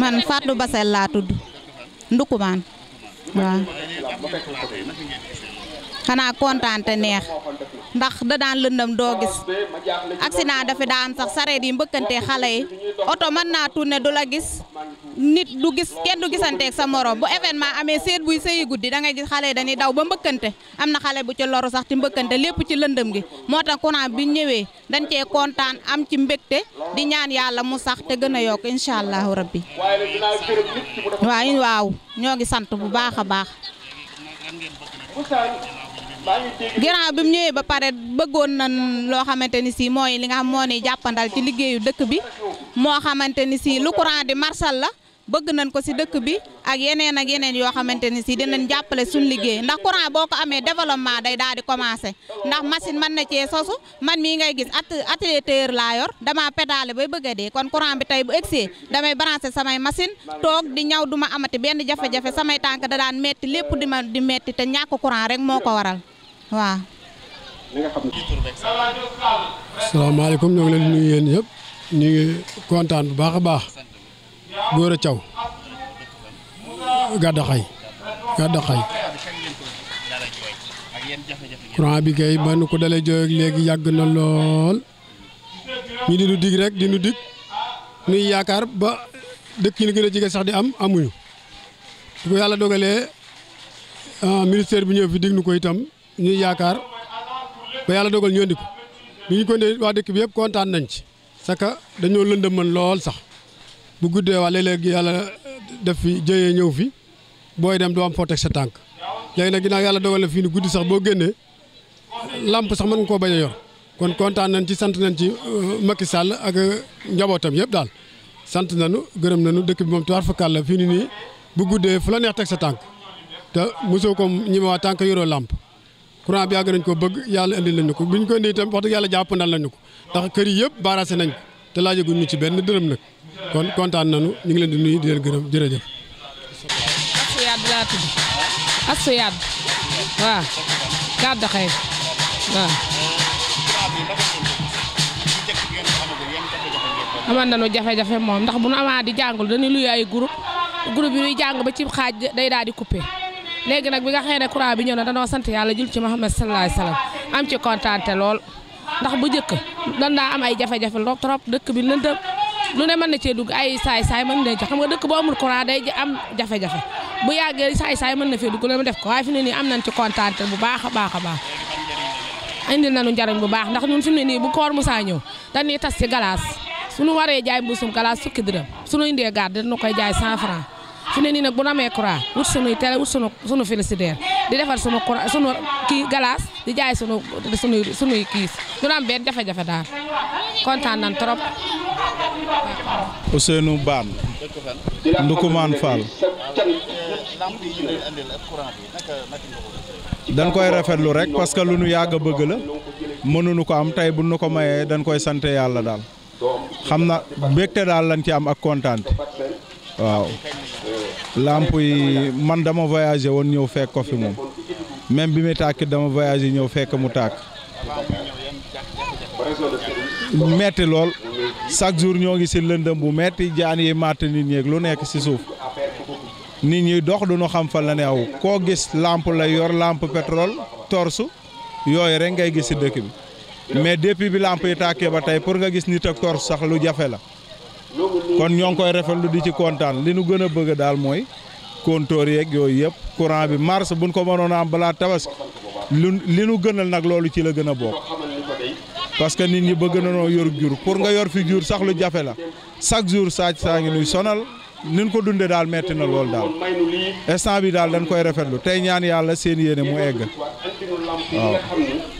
man ba Bassel laa tudd Ndukumaan waaw xanaa kontaan te neex ndax da daan lëndëm doo gis accident dafa daan sax sareet yi mbëkkante xale yi oto mën naa tourné du la gis nit du gis kenn du gisanteeg sa morom bu événement amee seet buy sëyi guddi da ngay gis xale yi dañuy daw ba mbëkkante am na xale bu ci loru sax ci mbëkkante lépp ci lëndëm gi moo tax courant bi ñëwee dañ cee kontaan am ci mbégte di ñaan yàlla mu sax te gën a yokk incha allahu rabbi waaw waaw ñoo ngi sant bu baax a baax ginnaaw bi mu ñëwee ba pare bëggoon na loo xamante ni si mooy li nga xam moo ni jàppandal ci liggéeyu dëkk bi moo xamante ni si lu courant di marsal la bëgg nañ ko si dëkk bi ak yeneen ak yeneen yoo xamante ni si dinañ jàppale suñ liggéey ndax courant boo ko amee développement day daal di commencé ndax machine man na cee sosu man mii ngay gis at atelier tailleur laa yor damaa pédale bay bëgg a dee kon courant bi tey bu egsee damay branché samay machine toog di ñaw duma amati benn jafe-jafe samay tànk da daan metti lépp di ma di metti te ñàkk courant rek moo ko waral waaw. asalaamaaleykum ñoo ngi leen di ñu ngi kontaan góor caw gàddaxay gàddaxay courant bi kay ba nu ko dalee jooy léegi yàgg na lool ñu di nu dig rek di nu dig nuy yaakaar ba dëkk yi ñu gën a jege sax di am amuñu di ko yàlla dogalee ah, ministère bi ñëw fi digg nu ko itam ñuy yaakaar ba yàlla dogal ñu andi ko bi ñu ko indee waa dëkk bi yëpp kontaan nañ ci saka dañoo lëndëm mën lool sax bu guddee waa léeg-léeg yàlla def fi jëyee ñëw fi booy dem doo am foo teg sa tànk léegi nag ginnaaw yàlla dogal na fii ni guddi sax boo génnee làmp sax mën nga koo bañ a yor kon kontaan nañ ci sant nañ ci euh, Macky sàll ak njabootam yëpp daal sant nañu gërëm nañu dëkk bi moom tuwaar fakal la fii ni nii bu guddee fu la neex teg sa tànk te mosoo ko ñime waa tànk yoroo làmp courant bi yàgg nañ ko bëgg yàlla indil nañu ko bu ñu ko indi itam wax dëgg yàlla jàppandal nañu ko ndax kër yi yëpp baarase nañ te laajaguñ ñu ci benn dërëm nag kon kontaan nañu ñu ngi leen di nuyu di leen gërëm jërëjëf. Astou Yade laa tudd Astou Yade waaw kaddu xëy waaw. amoon jafe-jafe moom ndax bu nu amaa di jàngul dañuy luy ay groupe groupe yi ñuy jàng ba ci xaaj day daal di coupé léegi nag bi nga xëy ne courant bi ñëw na danoo sant yàlla jul ci Muhammad sallallahu alayhi am ci kontaante lool. ndax bu njëkk dan daa am ay jafe-jafe lool trop dëkk bi lëndëm lu ne mën na cee dugg ay saay-saay mën na ca xam nga dëkk boo amul courant day am jafe-jafe bu yàggee saay-saay mën na fee dugg la mu def ko waaye fi ne nii am nañ ci kontaan bu baax a baax a baax indil nañu njariñ bu baax ndax ñun fi mu ne nii bu koor mu musaa ñëw dañuy tas ci galaas nu waree jaay mbusum galaas fukki dërëm suñu indee gaar dañu koy jaay 100 francs fu ne nii nag bu ñu amee courant wut sunuy télé wut sunu sunu di defar sunu courant sunu kii galaas di jaay sunu sunuy sunuy kiis du am benn jafe-jafe daal kontaan nan trop. Ousseynou Bane. Ndukumaan Fall. dañ koy rafetlu rek parce que lu nu yàgg bëgg la mënuñu ko am tey bu nu ko mayee dañ koy sante yàlla daal xam na mbégte daal lañ ci am ak kontaante. waaw làmp yi man dama voyagé woon ñëw fekk ko fi moom même bi muy tàkk dama yi ñëw fekk mu tàkk metti lool chaque jour ñoo ngi si lëndëm bu metti jaan yi màtt nit ñeeg lu nekk si suuf nit ñi dox du ñu xam fa la ne aw koo gis làmp la yor lampe pétrole torsu yooyu rek ngay gis si dëkk bi mais depuis bi làmp yi tàkkee ba tey pour nga gis nit ak torsu sax lu jafe la kon ñoo ngi koy rafetlu di ci kontaan li nu gën a bëgg daal mooy compteur yeeg yooyu yëpp courant bi bu buñ ko mënoon a balaa tabaski lu li nu gënal nag loolu ci la gën a bokk parce que nit ñi bëgg nañoo yor jur pour nga yor fi jur sax lu jafe la chaque jour saaj saa ngi nuy sonal nin ko dundee daal metti na lool daal instant bi daal dañ koy rafetlu tey ñaan yàlla seen yéene mu egg waaw